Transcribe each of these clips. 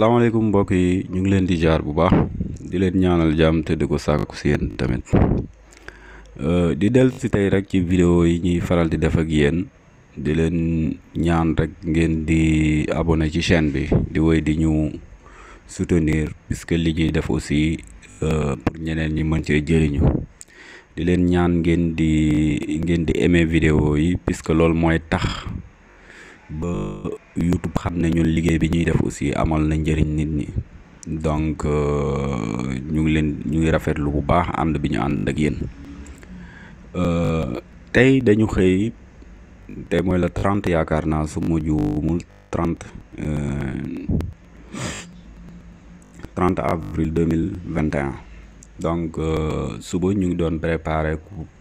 asalaamaaleykum mbokk yi ñu ngi leen di jaar bu baax di leen ñaanal jàmm te di ko sàkku si yéen tamit euh, di dellu si tey rek ci vidéo yi ñuy faral di def ak yéen di leen ñaan rek ngeen di abonné ci chaîne bi di woy di ñu soutenir puisque li ñuy def aussi euh, pour ñeneen ñi mën cee jëriñu di leen ñaan ngeen di ngeen di aimer vidéo yi puisque loolu mooy tax ba. YouTube xam ne ñun liggéey bi ñuy def aussi amal na njariñ nit ñi donc euh, ñu ngi leen ñu ngi rafetlu bu baax ànd bi ñu ànd ak yéen euh, tey dañu xëy tey mooy la trente yaakaar naa su ma juumul trente euh, trente avril deux mille vingt et donc suba ñu ngi doon préparé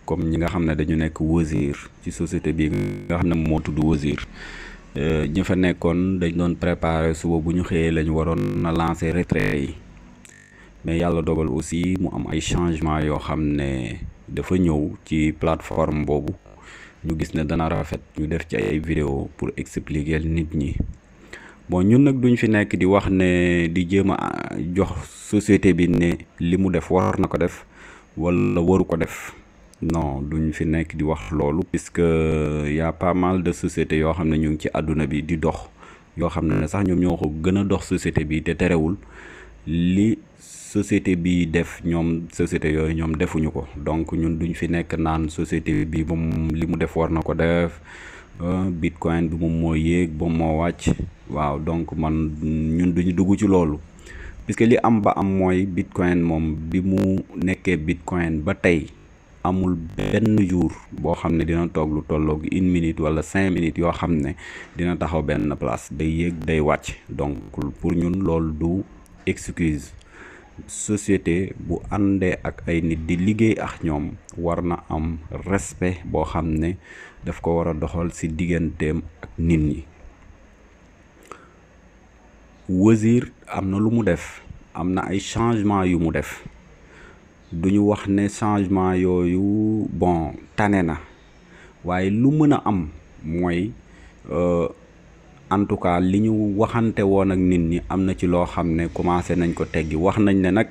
comme ñi nga xam ne dañu nekk Wozur ci société bi nga xam ne moo tudd Wozur. Euh, ñi fa nekkoon dañ doon préparer suba bu ñu xëyee lañu waroon na lancer retrait yi mais yàlla dogal aussi mu am ay changement yoo xam ne dafa ñëw ci plateforme boobu ñu gis ne dana rafet ñu def ci ay vidéo pour expliquer nit ñi bon ñun nag duñ fi nekk di wax ne di jéem a jox société bi ne li mu def war na ko def walla waru ko def non duñ fi nekk di wax loolu puisque y a pas de sociétés yoo xam ne ñu ngi ci àdduna bi di dox yoo xam ne sax ñoom ñoo gën a dox société bi te terewul li société bi def ñoom société yooyu ñoom defuñu ko donc ñun duñ fi nekk naan société bi moom li mu def na ko def bitcoin bi moom moo yéeg moom moo wàcc waaw donc man ñun duñu dugg ci loolu puisque li am ba am mooy bitcoin moom bi mu nekkee bitcoin ba tey amul benn jour boo xam ne dina toog lu tolloog une minute wala cinq minutes yoo xam ne dina taxaw benn place day yéeg day wàcc donc pour ñun lool du excuse société bu àndee ak ay nit di liggéey ak ñoom war na am respect boo xam ne daf ko war a doxal ci digganteem ak nit ñi Wazir am na lu mu def am na ay changement yu mu def du ñu wax ne changement yooyu bon tane na waaye lu mën a am mooy euh, en tout cas li ñu waxante woon ak nit ñi am na ci loo xam ne commencé nañ ko teggi wax nañ ne nag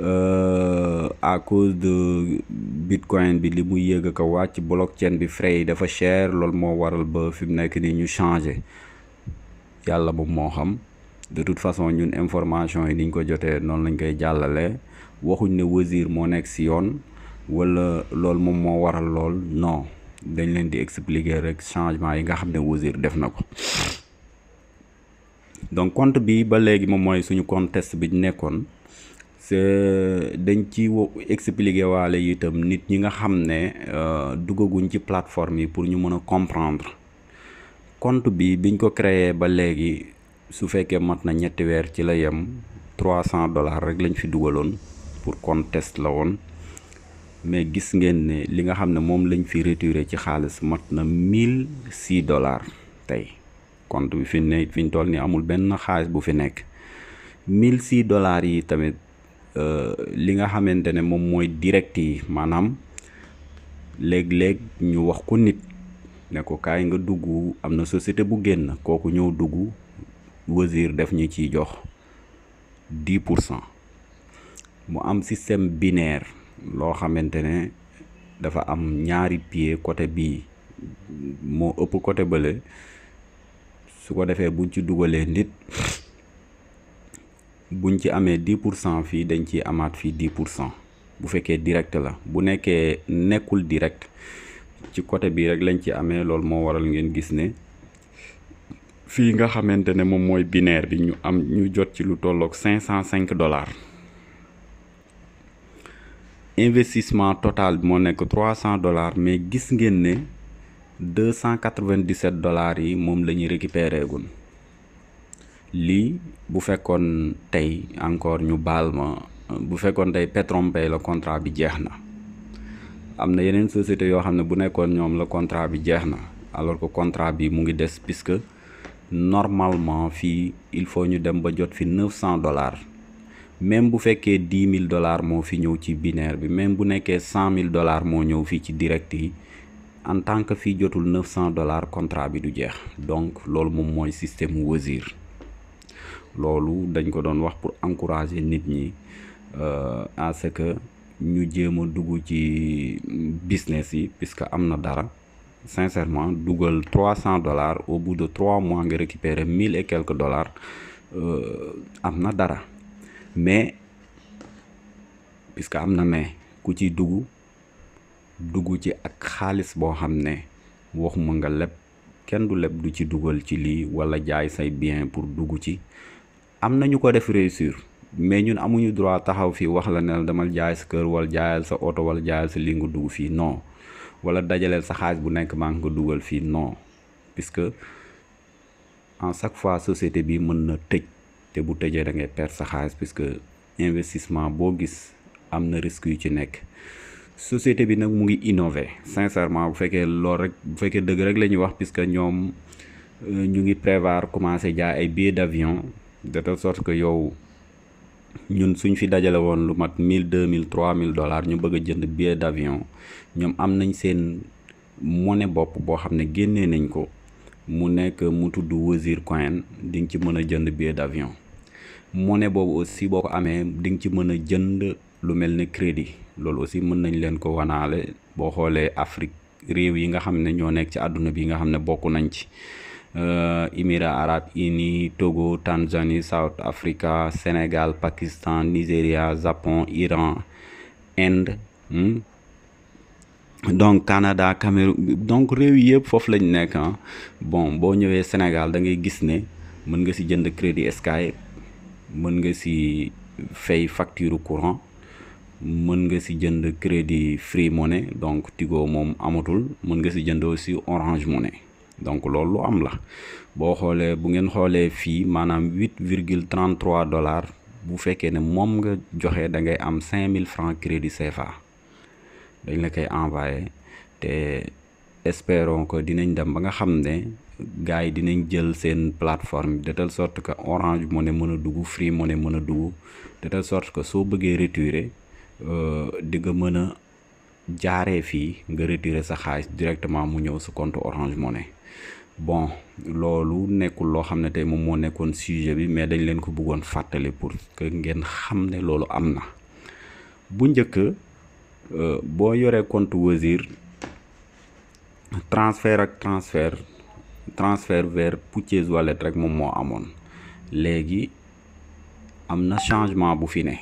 euh, à cause de bitcoin bi li muy yéeg ko wàcc blockchain bi frais yi dafa cher loolu moo waral ba fi mu nekk nii ñu changé yàlla moom moo xam de toute façon ñun information yi niñ ko jotee noonu lañ koy jàllale waxuñ ne Wazir moo nekk si yoon wala loolu moom moo waral lool non dañ leen di expliquer rek changement yi nga xam ne Wazir def na ko donc compte bi ba léegi moom mooy suñu contest bi nekkoon c'est dañ ci expliquer waale itam nit ñi nga xam ne euh, dugaguñ ci plateforme yi pour ñu mën a comprendre compte bi biñ ko créer ba léegi su fekkee mat na ñetti weer ci la yem trois cent dollars rek lañ fi dugaloon pour conteste la woon mais gis ngeen ne li nga xam ne moom lañ fi retiré ci xaalis mat na mille six dollars tey compte bi fi ne fi ñu toll nii amul benn xaalis bu fi nekk mille six dollars yi tamit euh, li nga xamante ne moom mooy direct yi maanaam léeg-léeg ñu wax ko nit ne ko kaay nga dugg am na société bu génn kooku ñëw dugg wasir def ñu ciy jox dix pour cent mu am système binaire loo xamante ne dafa am ñaari pied côté bii moo ëpp côté bële su ko defee buñ ci dugalee nit buñ ci amee dix pour cent fii dañ ciy amaat fii dix pour cent bu fekkee direct la bu nekkee nekkul direct ci côté bii rek lañ ci amee loolu moo waral ngeen gis ne fii nga xamante ne moom mooy binaire bi ñu am ñu jot ci lu tolloog cinq cent cinq dollars investissement total bi moo nekk trois cent dollars mais gis ngeen ne deux cent quatre-vingt-dix-sept dollars yi moom la ñuy récupéré gun lii bu fekkoon tey encore ñu baal ma bu fekkoon tey Petronpay la contrat bi jeex na am na yeneen société yoo xam ne bu nekkoon ñoom la contrat bi jeex na alors ko contrat bi mu ngi des puisque normalement fii il faut ñu dem ba jot fi neuf cent dollars même bu fekkee dix mille dollars moo fi ñëw ci binaire bi même bu nekkee cent mille dollars moo ñëw fii ci direct yi en tant que fii jotul neuf cent dollars contrat bi du jeex donc loolu moom mooy système Wozur loolu dañ ko doon wax pour encourager nit ñi euh, à ce que ñu jéem a dugg ci business yi puisque am na dara sincèrement dugal trois cent dollars au bout de trois mois nga récupérer mille et quelques dollars euh, am na dara. mais puisque am na mais ku ci dugg dugg ci ak xaalis boo xam ne waxuma nga leb kenn du leb du ci dugal ci lii wala jaay say bien pour dugg ci am na ñu ko def réussir mais ñun amuñu droit taxaw fii wax la ne damal jaay sa kër wala jaayal sa oto wala jaayal sa lii nga dugg fii non wala dajaleel sa xaalis bu nekk maa ngi ko dugal fii non puisque en chaque fois société bi mën na tëj te bu tëjee da ngay perdre sa xaalis puisque investissement boo gis am na risque yu ci nekk société bi nag mu ngi innové sincèrement bu fekkee lool rek bu fekkee dëgg rek la ñuy wax puisque ñoom euh, ñu ngi prévoir commencé jaay ay billets d'avion de telle sorte que yow ñun suñ fi dajale woon lu mat mille deux mille trois mille dollars ñu bëgg a jënd billet d'avion ñoom am nañ seen monnaie bopp boo xam ne génnee nañ ko mu nekk mu tudd Wozir Coin di nga ci mën a jënd billet d'avion. moo ne boobu aussi boo ko amee di nga ci mën a jënd lu mel ni crédit loolu aussi mën nañ leen ko wanaale boo xoolee Afrique réew yi nga xam ne ñoo nekk ci àdduna bi nga xam ne bokk nañ ci euh, Émirats arabes unis Togo Tanzanie South Africa Sénégal Pakistan Nigéria Japon Iran Inde hmm? donc Canada Cameroun donc réew yëpp foofu lañu nekk ah. bon boo ñëwee Sénégal da ngay gis ne mën nga ci jënd crédit Skype mën nga si fay facture courant mën nga si jënd crédit free money donc Tigo moom amatul mën nga si jënd aussi Orange Money donc loolu lu am la boo xoolee bu ngeen xoolee fii maanaam huit virgule trente trois dollars bu fekkee ne moom nga joxe da ngay am cinq mille francs crédit CFA dañ la koy envoyé te espérons dinañ dem ba nga xam ne. gars yi dinañ jël seen plateforme de telle sorte que Orange Money mën a dugg Free Money mën a dugg de telle sorte que soo bëggee retirer euh, di nga mën a jaaree fii nga retirer sa xaalis directement mu ñëw sa compte Orange Money bon loolu nekkul loo xam ne tey moom moo nekkoon sujet bi mais dañ leen ko bëggoon fàttali pour que ngeen xam ne loolu am na bu njëkk euh, boo yoree compte Wazir transfert ak transfert transfert vers Purchase Wallet rek moom moo amoon léegi am na changement bu fi ne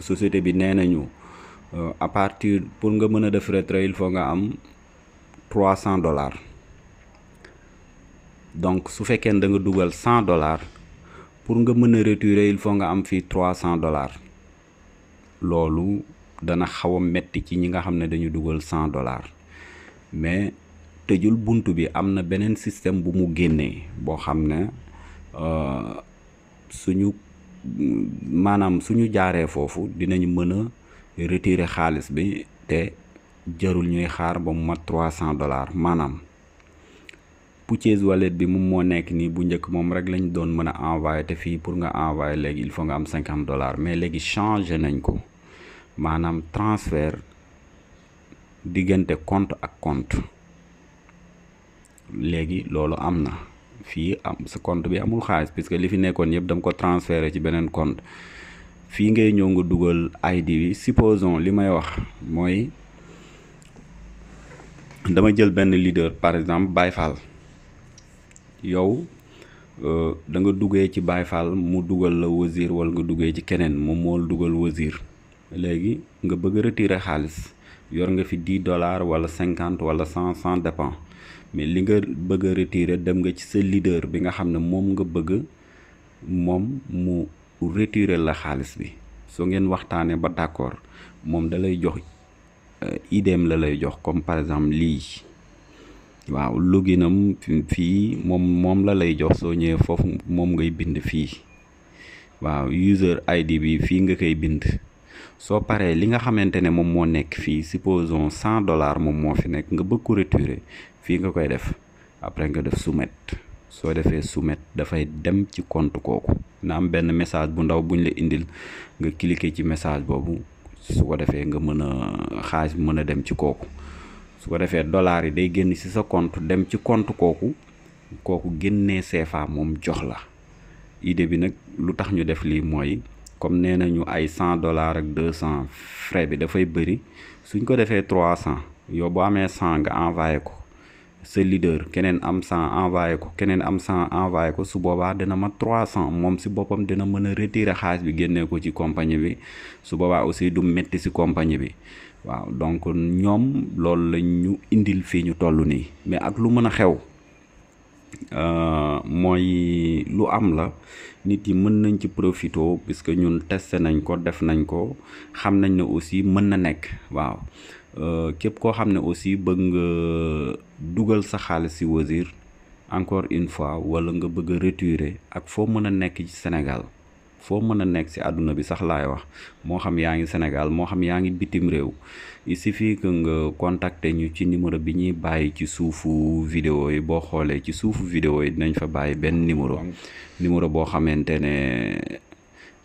société bi nee nañu euh, à partir pour nga mën a def retrait il faut nga am trois cent dollars donc su fekkee ne da nga dugal cent dollars pour nga mën a retirer il faut nga am fii trois cent dollars loolu dana xaw a metti ci ñi nga xam ne dañu dugal cent dollars mais. tëjul bunt bi am na beneen système bu mu génnee boo xam ne euh, suñu maanaam suñu jaaree foofu dinañ mën a retirer xaalis bi te jarul ñuy xaar ba mu mat trois cent dollars maanaam purchase walet bi moom moo nekk nii bu njëkk moom rek lañ doon mën a envoyer te fii pour nga envoyer léegi il faut nga am cinquante dollars mais léegi changé nañ ko maanaam transfert diggante compte ak compte léegi loolu am na fii am sa compte bi amul xaalis puisque li fi nekkoon yëpp dama ko transféré ci beneen compte fii ngay ñëw nga dugal ID bi supposons li may wax mooy dama jël benn leader par exemple Baye Fall yow euh, da nga duggee ci Baye Fall mu dugal la Wazir wala nga duggee ci keneen moom moo dugal Wazir léegi nga bëgg a xaalis yor nga fi 10 dollars wala cinquante wala cent 100 dépend mais li nga bëgg a dem nga ci sa leader bi nga xam ne moom nga bëgg moom mu retirer la xaalis bi soo ngeen waxtaanee ba d'accord moom da lay jox euh, idéem la lay jox comme par exemple lii waaw loginam fii moom moom la lay jox soo ñëwee foofu moom ngay bind fii waaw user ID bi fii nga koy bind soo paree li nga xamante ne moom moo nekk fii supposons cent dollars moom moo fi nekk nga bëgg ko retirer fii nga koy def après nga def soumettre soo defee soumettre dafay dem ci compte kooku na am benn message bu ndaw buñ la indil nga cliquer ci message boobu su ko defee nga mën a xaalis mën a dem ci kooku su ko defee dollars yi day génn ci sa compte dem ci compte kooku kooku génnee CFA moom jox la idée bi nag lu tax ñu def lii mooy comme nee nañu ay cent dollars ak deux cent frais bi dafay bëri suñ ko defee trois cent yow boo amee cent nga envoyé ko sa leader keneen am 100 envoyé ko keneen am 100 envoyé ko su boobaa dina ma 300 moom si boppam dina mën a retirer xaalis bi génnee ko ci compagnie bi su boobaa aussi du métti si compagnie bi waaw donc ñoom loolu la ñu indil fii ñu toll nii mais ak lu mën a xew euh, mooy lu am la nit yi mën nañ ci profito puisque ñun testé nañ ko def nañ ko xam nañ ne aussi mën na nekk waaw Euh, képp koo xam ne aussi bëgg nga dugal sa xaalis si Wozur encore une fois wala nga bëgg a ak foo mën a nekk ci Sénégal foo mën a nekk si àdduna bi sax laay wax moo xam yaa ngi Sénégal moo xam yaa ngi bitim réew il fii que nga contacter ñu ci numéro bi ñuy bàyyi ci suufu vidéo yi boo xoolee ci suufu vidéo yi dinañ fa bàyyi benn numéro numéro boo xamante ne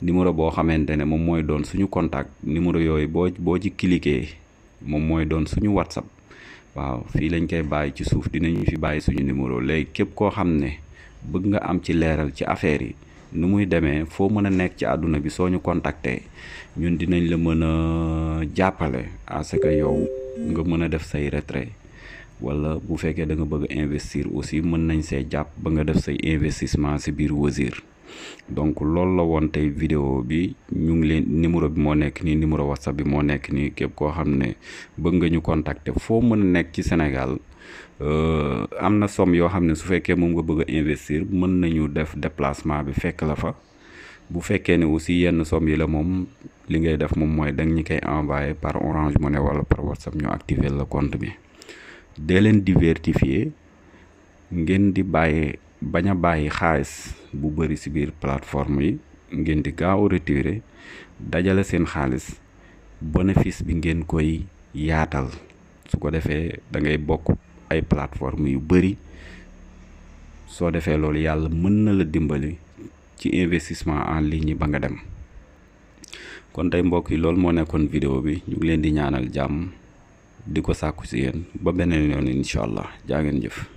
numéro boo xamante ne moom mooy doon suñu contact numéro yooyu boo boo ci cliquer moom mooy doon suñu whatsapp waaw fii lañ koy bàyyi ci suuf dinañu fi bàyyi suñu numéro léegi képp koo xam ne bëgg nga am ci leeral ci affaire yi nu muy demee foo mën a nekk ci àdduna bi soo ñu contacter ñun dinañ la mën a jàppale à ce que yow nga mën a def say retrait wala bu fekkee da nga bëgg investir aussi mën nañ see jàpp ba nga def say investissement si biir Wozur donc loolu la woon tey vidéo bi ñu ngi leen numéro bi moo nekk nii numéro whatsapp bi moo nekk nii képp koo xam ne bëgg nga ñu contacter foo mën a nekk ci Sénégal euh, am na somme yoo xam ne su fekkee moom nga bëgg investir mën nañu def déplacement bi fekk la fa bu fekkee ne aussi yenn somme yi la moom li ngay def moom mooy da nga ñu koy envoyé par Orange Money wala par whatsapp ñu activer la compte bi dee leen diversifier ngeen di bàyyee. bañ a bàyyi xaalis bu bëri si biir plateforme yi ngeen di gaaw a retirer dajale seen xaalis bénéfice bi ngeen koy yaatal su ko defee da ngay bokk ay plateforme yu bëri soo defee loolu yàlla mën na la dimbali ci investissement en ligne ba nga dem kon tey mbokk yi loolu moo nekkoon vidéo bi ñu leen di ñaanal jàmm di ko sàkku si yéen ba beneen yoon incha allah jàngeen jëf